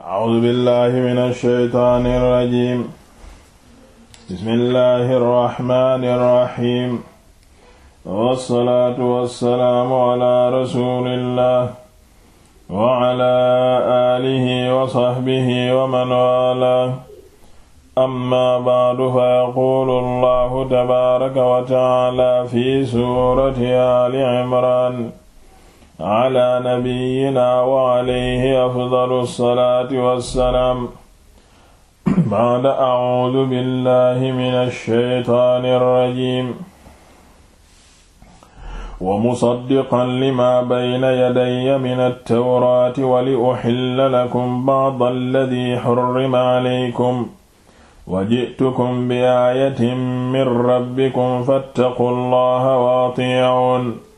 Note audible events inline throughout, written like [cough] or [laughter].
A'uuzu billaahi mina shaytaani rajiim. Bismillaahi rahmaani rahiim. Wassalaatu wassalaamu alaa rasuulillaah wa alaa aalihi wa sahbihi wa man waalaah. Ammaa ba'du fa yaquulu Allaahu tabaaraka wa ta'aalaa fi suurati Aali Imraan ala nabiyyina wa alayhi afdalu salaati wassalaam ba'da a'uudu billahi mina shaytaani rajiim wa musaddiqan lima bayna yadayya mina tawraati wa li uhilla lakum ba'da alladhi hurrima alaykum wa ji'tukum bi aayatin min rabbikum fattaqullaha wa atii'uun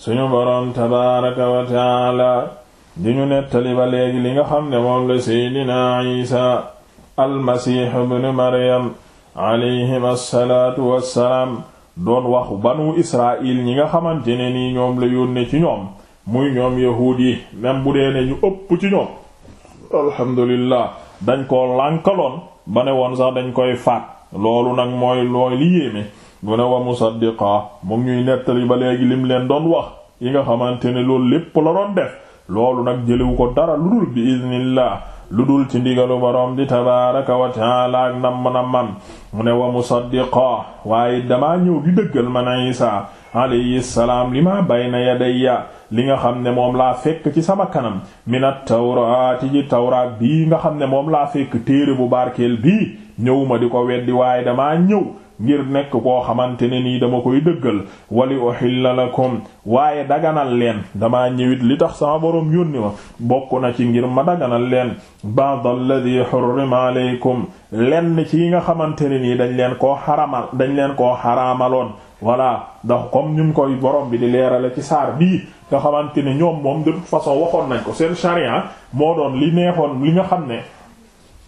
suñu boroom tabaaraka wa taala di ñu nettali ba léegi li nga xam ne moom la seydina isa almasiix ibnu maryam alayhim assalaatu wassalaam doon waxu banu israil ñi nga xamante ne nii ñoom la yónne ci ñoom muy ñoom yahuud yi même bu dee ne ñu ëpp ci ñoom alhamdulillah dañ koo lànkaloon ba ne woon sax dañ koy faat loolu nag mooy looy li yéeme mu ne wa musaddiqa moom ñuy nettali ba léegi lim leen doon wax yi nga xamante ne loolu lépp la doon def loolu nag jëliwu ko dara lu dul bi lu dul ci ndigalu borom di tabaaraka wa taala ak nam nam man mu ne wa musaddiqa waaye damaa ñëw di dëggal man Isa alayhi salaam li ma bayna yadayya li nga xam ne moom laa fekk ci sama kanam minat tawraati ji tawraat bii nga xam ne moom laa fekk téere bu barkeel bii ñëwuma di ko weddi waaye damaa ñëw ngir nekk koo xamante ne nii dama koy dëggal wali uhilla lakum waaye daganal leen dama ñëwit li tax sama boroom yónni ma bokk na ci ngir ma daganal leen ba'd alladhi hurrima alaykum lenn ci yi nga xamante ne nii dañ leen koo xaramal dañ leen koo xaraamaloon voilà donc comme ñu koy borom bi di leerale ci saar bii nga xamante ne ñoom moom de façon waxoon nañ ko seen charia moo doon li neexoon li nga xam ne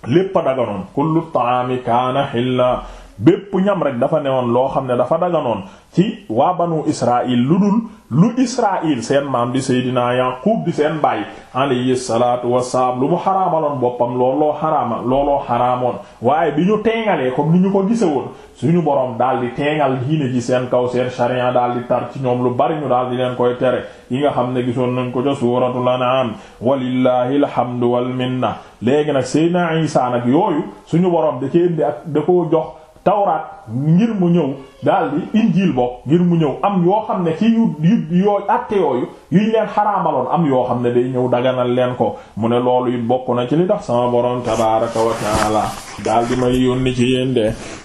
lépp daganoon kullu ta'ami kaana hilla bépp ñam rek dafa newoon loo xam ne dafa noon ci waa banu israil lu dul lu israil seen maam di seydinaa yaqub di seen baay alayhi salaatu wasalaam lu mu xaraamaloon boppam looloo xaraama loo xaraamoon waaye bi ñu teengalee ko lu ñu ko gise woon suñu boroom daal di teengal diine ji seen kaw seen sharia daal di tar ci ñoom lu bari ñu daal di leen koy tere yi nga xam ne gisoon nañ ko ca suuratul an'am walillahi alhamdu wal minna léegi nag seydinaa isa nag yooyu suñu boroom da ci indi ak da ko jox tawraat ngir mu ñëw daal di injiil bokk ngir mu ñëw am yoo xam ne ci yu yu yooyu àtte yooyu yuñ leen xaraamaloon am yoo xam ne day ñëw daganal leen ko mu ne loolu it bokk na ci li tax sama borom tabaaraka wa taala daal di may yónni ci yéen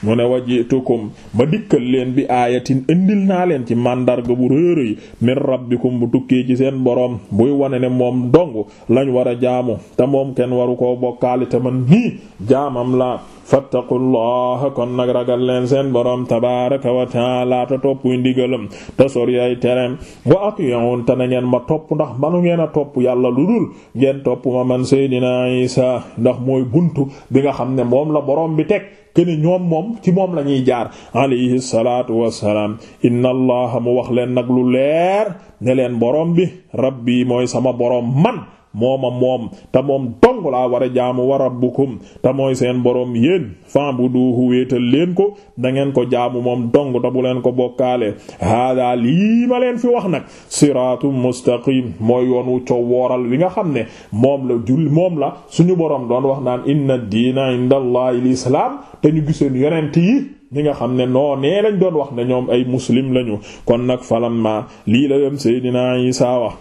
mu ne wajitukum ba dikkal leen bi aayatin indil naa leen ci màndarga bu réeréy min rabbikum bu tukkee ci seen boroom buy wane ne moom dong lañu war a jaamu te moom kenn waru koo bokkaale te man nii jaamam la fattaqullaha kon nag ragal leen seen borom tabaraka wa taala te toppuy ndigalam te sori ay tereem wa atiyoon te na ngeen ma topp ndax manu ngeen a topp yàlla lu dul ngeen topp ma man Seydina Isa ndax mooy buntu bi nga xam ne moom la boroom bi teg kene ñoom moom ci moom la ñuy jaar alayhi salaatu wassalaam inna allaha mu wax leen nag lu leer ne leen boroom bi rabbi mooy sama boroom man mooma moom te moom dong laa war a jaamu wa rabbukum te mooy seen boroom yéen fa'buduhu wéetal leen ko dangeen ko jaamu moom dong te bu leen ko bokkaale hada lii ma leen fi wax nag siratum mustaqim mooy yoon wu coow wooral wi nga xam ne moom la jul moom la suñu boroom doon wax naan inna diina inda allahi lislaam te ñu giseen yonent yi ñi nga xam ne noo nee lañ doon wax ne ñoom ay muslim lañu kon nag falam ma lii la dem Seydina Isa wax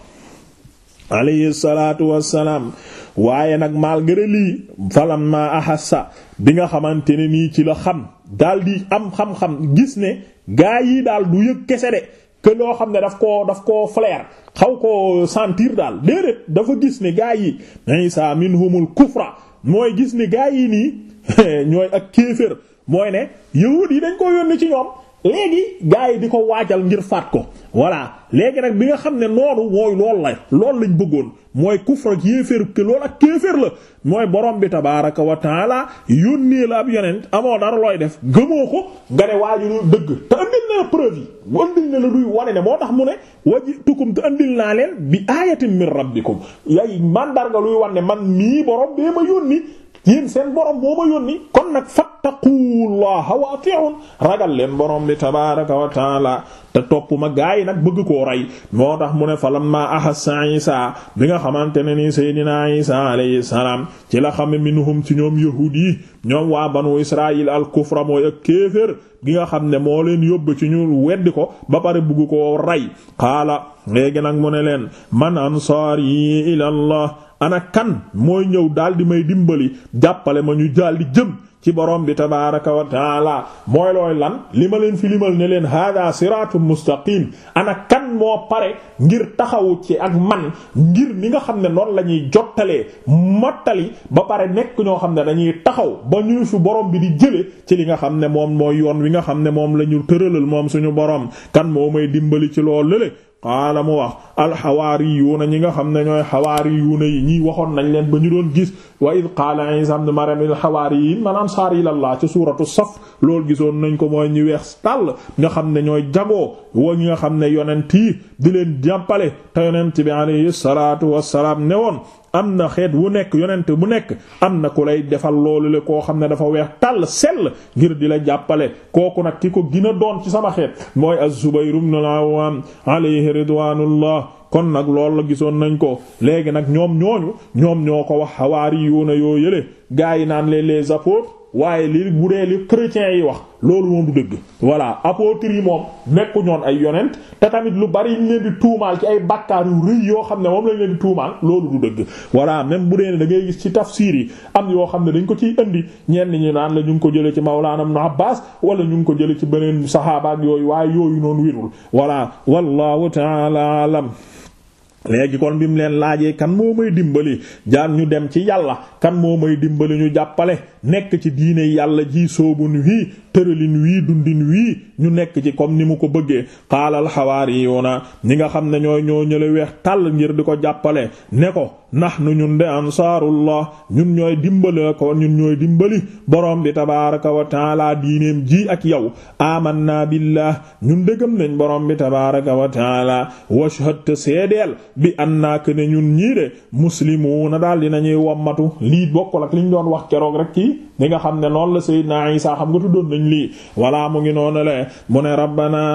alayhi salaatu wassalaam waaye nag malgré lii falamma ahassa bi nga xamante ne nii ci la xam daal di am xam-xam gis ne gaa yi daal du yëg kese de que loo xam ne daf ko daf koo flair xaw ko sentir daal déedéet dafa gis ne gaa yi isa minhumul kufra mooy gis ne gaa yi nii [laughs] ñooy ak kéefër mooy ne yahuud yi dañ ko yónni ci ñoom léegi gars yi di ko waajal ngir faat ko voilà léegi nag bi nga xam ne noonu mooy loolu la loolu lañ bëggoon mooy kufr ak yéeféer ke loolu ak kéeféer la mooy boroom bi tabaaraka wa taala yónnee la ab yonent amoo dara looy def gëmoo ko nga ne waaju loolu dëgg te andil na la preuve yi mu andil na la luy wane ne moo tax mu ne waji tukum te andil naa leen bi ayatin min rabbikum yay mandarga luy wane man mii borom bee ma yónni yéen seen borom moo ma wattaqullaha wa ati'un ragal leen borom bi tabaaraka wa taala te topp ma gaa yi nag bëgg koo rey moo tax mu ne falamma ahassa isa bi nga xamante ne nii seydina isa alayhi salaam ci la xame minhum ci ñoom yahuud yi ñoom waa banu israil al kufra mooy ak kéefër gi nga xam ne moo leen yóbbu ci ñu weddi ko ba pare bëgg ko rey xaala léegi nag mu ne leen man ansaar yi ilallah ana kan mooy ñëw daal di may dimbali jàppale ma ñu daal jëm ci borom bi tabaaraka wa taala mooy looy lan li ma leen fi limal ne leen hada siraatu mustaqim ana kan moo pare ngir taxawu ci ak man ngir ni nga xam ne noonu la ñuy jottalee mottali ba pare nekk ñoo xam ne dañuy taxaw ba ñu fi borom bi di jëlee ci li nga xam ne moom mooy yoon wi nga xam ne moom la ñu tëralal moom suñu borom kan moo may dimbali ci loo lële qaala mu wax alxawaariyuuna ñi nga xam ne ñooy xawaariyuuna yi ñii waxoon nañ leen ba ñu doon gis wa id qaala isa ibn maryam il xawaariyiin man ansaar ilallah ci suuratu saf loolu gisoon nañ ko mooy ñi weex tàll nga xam ne ñooy jagoo woo ñi nga xam ne yonent yi di leen jàppale te yonent bi alayhi salaatu salaam ne woon am na xeet wu nekk yonent bu nekk am na ku lay defal loolu le koo xam ne dafa weex tàll sell ngir di la jàppale kooku nag ki ko gën doon ci sama xeet mooy az-Zubayr ibn al-Awwam alayhi ridwanullah kon nag loolu la gisoon nañ ko léegi nag ñoom ñooñu ñoom ñoo ko wax xawaari yuuna yoo yële gaa yi naan leen les sapo waaye li bu dee li chrétiens yi wax loolu moom du dëgg voilà apôtres yi moom nekku ñoon ay yonent te tamit lu bari ñu di tuumaal ci ay bàkkaar yu rëy yoo xam ne moom lañ leen di tuumaal loolu du dëgg voilà même bu dee ne da ngay gis ci tafsir yi am yoo xam ne dañ ko ciy indi ñenn ñi naan la ñu ngi ko jëlee ci Mawlana Ibn Abbas wala ñu ngi ko jëlee ci beneen saxaabaak yooyu waaye yooyu noonu wirul voilà wallahu ta'ala alam léegi kon bi mu leen laajee kan moo may dimbali jaan ñu dem ci yàlla kan moo dimbali ñu jàppale nekk ci diine yàlla ji soobu nu wii tëralin wi dundin wi ñu nekk ci comme ni mu ko bëggee xaalal naa ñi nga xam ne ñooy ñoo ñële weex tàll ngir di ko jàppale ne ko nahnu ñun de ansaarullah ñun ñooy dimbali ko ñun ñooy dimbali borom bi tabaaraka wa taala diineem ji ak yow amanna billah ñun dëggam nañ borom bi tabaaraka wa taala washhad bi seedeel naa ko ne ñun ñii de muslimuuna daal dinañuy wommatu lii bokkul ak liñ doon wax keroog rek ci li nga xam ne noonu la sayyidina Isa xam nga tuddoon mu ne rabbana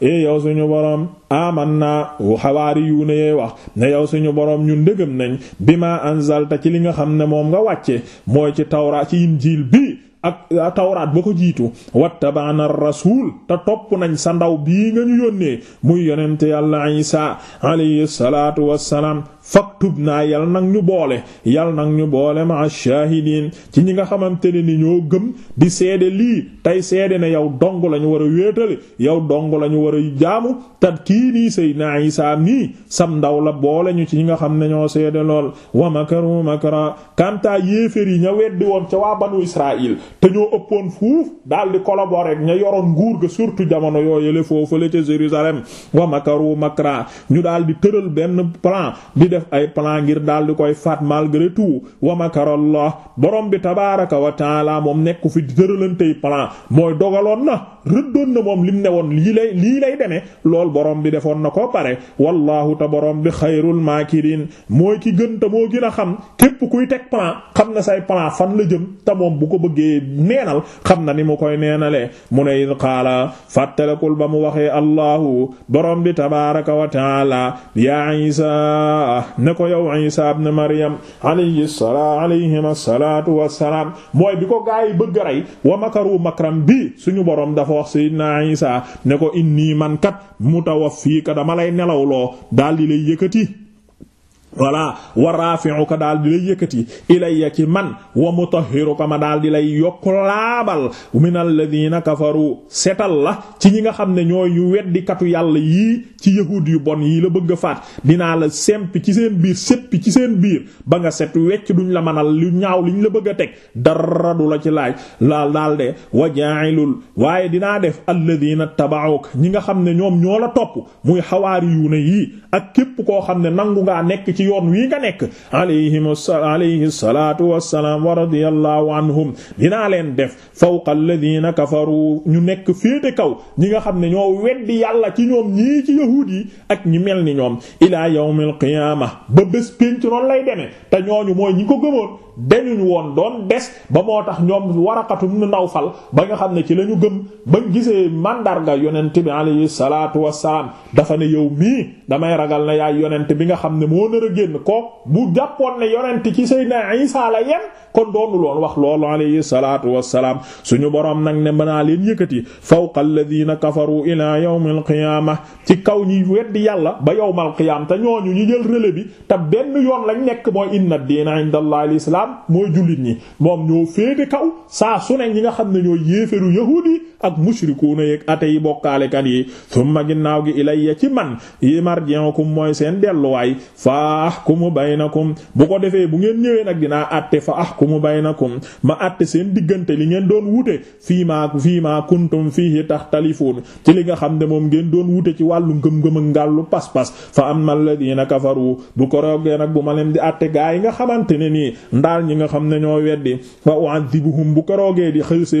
e yow suñu borom amanna xawaari yu ne wax ne yow suñu borom ñun dëgëm nañ bi ma anzalta ci li nga xam ne moom nga wàcce mooy ci tawra ci injiil bi ak tawraat ba ko jiitu wattabana rasul te topp nañ sa ndaw bi nga ñu yónnee muy yonente yàlla isa alayhi salaatu wassalaam faktub naa yal nag ñu boole yal nag ñu boole ma shaahidiin ci ñi nga xamante ne ni ñoo gëm di seede lii tey seede na yow dong la ñu war a wéetale yow dong la ñu war a jaamu te kii nii Seydina Isaa nii sam ndaw la boole ñu ci ñi nga xam ne ñoo seede lool wa makaru makra kantaa yéeféer yi ña weddi woon ca waa banu Israël te ñoo ëppoon fuuf daal di collaborer ña yoroon nguur ga surtout jamono yooyu yële foofu la ca Jérusalem wa makaru makra ñu daal di def ay plan ngir daal di koy faat malgré tout wa makarallah borom bi tabaaraka wa taala moom nekku fi tëralantey plan mooy dogaloon na rëddoon na moom lim ne woon lii lay lii lay demee lool borom bi defoon na ko pare wallahu ta borom bi xayrul maakiriin mooy ki gën te moo gën a xam képp kuy teg plan xam na say plan fan la jëm te moom bu ko bëggee neenal xam na ni mu koy neenalee mu ne id qaala fàttalekul ba mu waxee allahu borom bi tabaaraka wa taala yaa ne ko yow Isa ibn Maryam alayhi salaam alayhima salaatu wassalaam mooy bi ko gaa yi bëgg rey wa makaru makram bi suñu borom dafa wax sayyidina Isa ne ko indi man kat mutawaffiika dama lay nelawloo daal di lay yëkkati voilà wa rafi'uka daal di lay yëkkati ilayya ci man wa mutahhiruka ma daal di lay yokk laabal min alladhina kafaru setal la ci ñi nga xam ne ñooy yu weddikatu yàlla yii ci yahuud yu bon yii la bëgg a faat dinaa la sempi ci seen biir seppi ci seen biir ba nga set wecc duñ la manal lu ñaaw liñ la bëgg a teg dara du la ci laaj laal daal waaye dinaa def alladhina taba'uk ñi nga xam ne ñoom ñoo la topp muy xawaari yu ne yii ak képp koo xam ne nangu ngaa nekk ci yoon wii nga nekk alayhim alayhi salaatu wassalaam wa radiyallahu anhum dinaa leen def fawqa alladhina kafaru ñu nekk féete kaw ñi nga xam ne ñoo weddi yàlla ci ñoom ñii ci yahuud yi ak ñi mel ni ñoom ilaa yawmil qiyaama ba bés pénc noonu lay demee te ñooñu mooy ñi ko gëmoon dañuñ woon doon des ba moo tax ñoom waraqatum nu nawfal ba nga xam ne ci la ñu gëm ba gisee màndarga yonent bi alayhi salaatu wassalaam dafa ne yow mii damay ragal ne yaay yonent bi nga xam ne moo nar a génn ko bu jàppoon ne yonent ci Seydina Isa la yem kon doonu loon wax loolu alayhi salaatu wassalaam suñu boroom nag ne mënaa leen yëkkati fawqa alladhina kafaru ila yawmil qiyaamah ci kaw ñi weddi yàlla ba yawmal qiyaam te ñoo ñu jël relais bi te benn yoon lañ nekk mooy inna diina inda Allah l'islam mooy jullit ñi moom ñoo féete kaw saa su ne ñi nga xam ne ñooy yéeferu yahuud yi ak mushrikuuna yeeg ate yi bokkaalekat yi summa ginnaaw gi ilayya ci man yi marji'ukum mooy seen delluwaay fa na baynakum bu ko defee bu ngeen ñëwee nag dinaa atte fa ku mu na baynakum ma atte seen diggante li ngeen doon wute fii maa fii maa kuntum fihi taxtalifuun ci li nga xam ne moom ngeen doon wute ci wàllu ngëm-ngëm ak ngàllu pas-pas fa ammal ladina kafaru bu ko yi nga xamante ne ñaar ñi nga xam ne weddi wa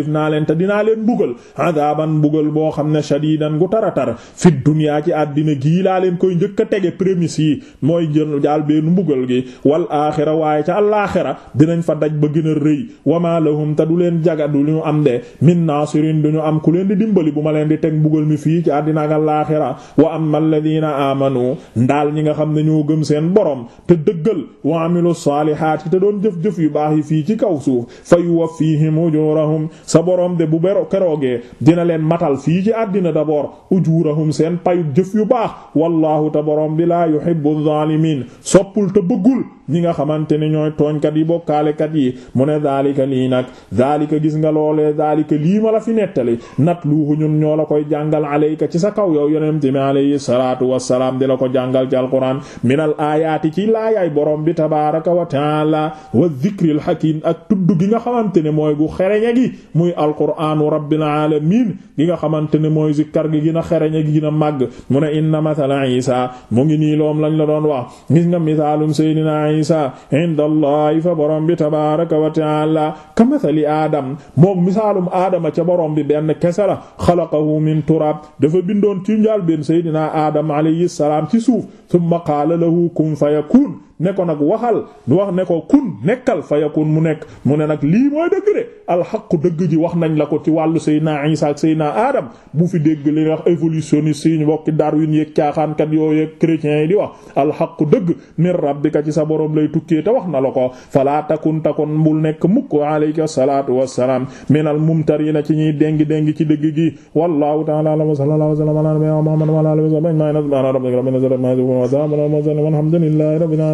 naa leen te dinaa leen mbugal boo xam ne shadidan gu taratar fi dunya ci àddina gii laa leen koy njëkk a tege prémices yi mooy jël jaal benn mbugal gi wal axira waaye ca alaaxira dinañ fa daj ba gën a rëy wama lahum te du leen jaga du ñu am de min naasirin ñu am ku leen di dimbali bu ma leen teg mbugal mi fii ci àddina ak alaaxira wa amma alladina amanu ndaal ñi nga xam ne ñoo gëm seen borom te dëggal wa amilu saalihaati te doon jëf jëf yu baax yi fii ci kaw suuf fa yuwaffihim ujurahum sa borom de bu bero keroogee dina leen matal fii ci àddina d'abord ujurahum seen payut jëf yu baax wallahu te borom bi laa yuhibbu zalimin soppul te bëggul ñi nga xamante ne ñooy kat yi kat yi mu ne daalika lii nag daalika gis nga loolee daalika lii ma la fi nettali nat luuhu ñun ñoo la koy jàngal alayka ci sa kaw yow yonent mi alayhi salaatu wassalaam di la ko jàngal ci alquran minal aayaati ci laayaay boroom bi tabaaraka wa taala wa dhikril hakim ak tudd gi nga xamante ne mooy gu xereña gi muy alquranu rabbil alamin gi nga xamante ne mooy zikkar gi gën a xereñe gi gën a màgg mu ne inna mathala isa mu ngi nii loom lañ la doon wax Isa inda allahi fa borom bi tabaraka wa taala aadam moom misaalum aadama ca borom bi benn kese la xalaqahu min turab dafa bindoon ci njaal benn seydina aadam alayhi ci suuf summa qaala lahu kun fayakun ne ko nag waxal du wax ne ko kun nekkal fa yakun mu nekk mu ne nag lii mooy dëgg de alxaqu dëgg ji wax nañ la ko ci wàllu Seydina Isa ak Seydina Adam bu fi dégg li wax évolutionniste yi ñu bokki Darwin yeeg caaxaankat yooyu yeeg chrétiens yi di wax alxaqu dëgg min rabbika ci sa borom lay tukkee te wax na la ko fala takun takun bul nekk mukk alayka salaatu wassalaam minal mumtariina ci ñuy dengi dengi ci dëgg gi wallahu ta'ala a'lam wa sallallahu wa sallam ala